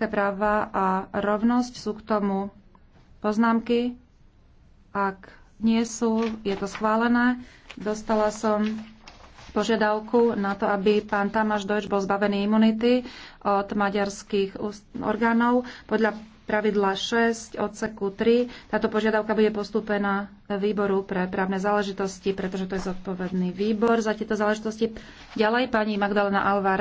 ľudské práva a rovnosť. Sú k tomu poznámky? Ak nie sú, je to schválené. Dostala som požiadavku na to, aby pán Tamáš Dojč bol zbavený imunity od maďarských orgánov. Podľa pravidla 6 odseku 3 táto požiadavka bude postúpená výboru pre právne záležitosti, pretože to je zodpovedný výbor za tieto záležitosti. Ďalej pani Magdalena Alvára.